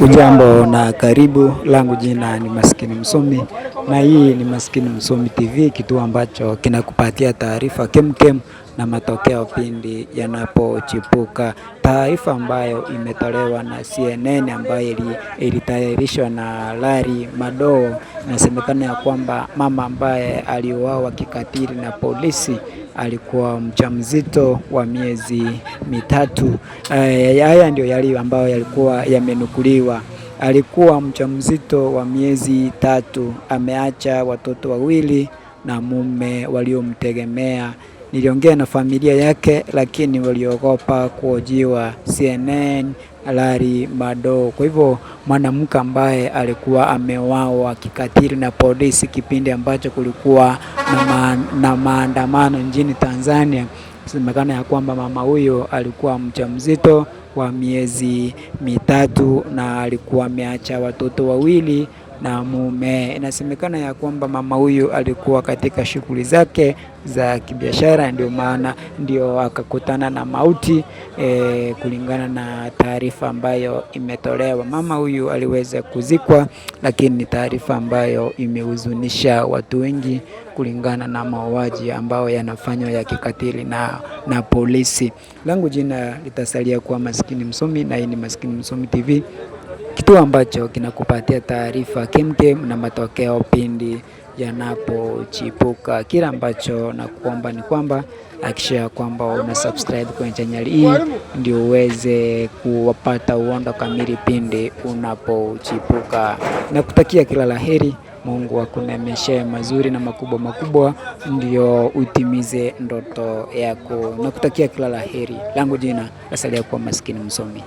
Ujambo na karibu. Langu jina ni Maskini Msomi na hii ni Maskini Msomi TV, kituo ambacho kinakupatia taarifa kemkem na matokeo pindi yanapochipuka. Taarifa ambayo imetolewa na CNN ambayo ilitayarishwa na Larry Madowo Inasemekana ya kwamba mama ambaye aliuawa kikatili na polisi alikuwa mjamzito wa miezi mitatu. Eh, haya ndio yali ambayo yalikuwa yamenukuliwa. Alikuwa mjamzito wa miezi tatu, ameacha watoto wawili na mume waliomtegemea. Niliongea na familia yake, lakini waliogopa kuojiwa. CNN, Larry Mado. Kwa hivyo mwanamke ambaye alikuwa amewawa kikatili na polisi kipindi ambacho kulikuwa na, ma, na maandamano nchini Tanzania. Semekana ya kwamba mama huyo alikuwa mjamzito wa miezi mitatu na alikuwa ameacha watoto wawili na mume. Inasemekana ya kwamba mama huyu alikuwa katika shughuli zake za kibiashara, ndio maana ndio akakutana na mauti e, kulingana na taarifa ambayo imetolewa. Mama huyu aliweza kuzikwa, lakini ni taarifa ambayo imehuzunisha watu wengi kulingana na mauaji ambayo yanafanywa ya kikatili na, na polisi. Langu jina litasalia kuwa Maskini Msomi na hii ni Maskini Msomi TV kituo ambacho kinakupatia taarifa kemkem na matokeo pindi yanapochipuka. kila ambacho nakuomba ni kwamba akisha ya kwamba una subscribe kwenye channel hii ndio uweze kuwapata uondo kamili pindi unapochipuka, na kutakia kila laheri. Mungu akunemeshe mazuri na makubwa makubwa, ndio utimize ndoto yako, na kutakia kila laheri. Langu jina nasalia kuwa Maskini Msomi.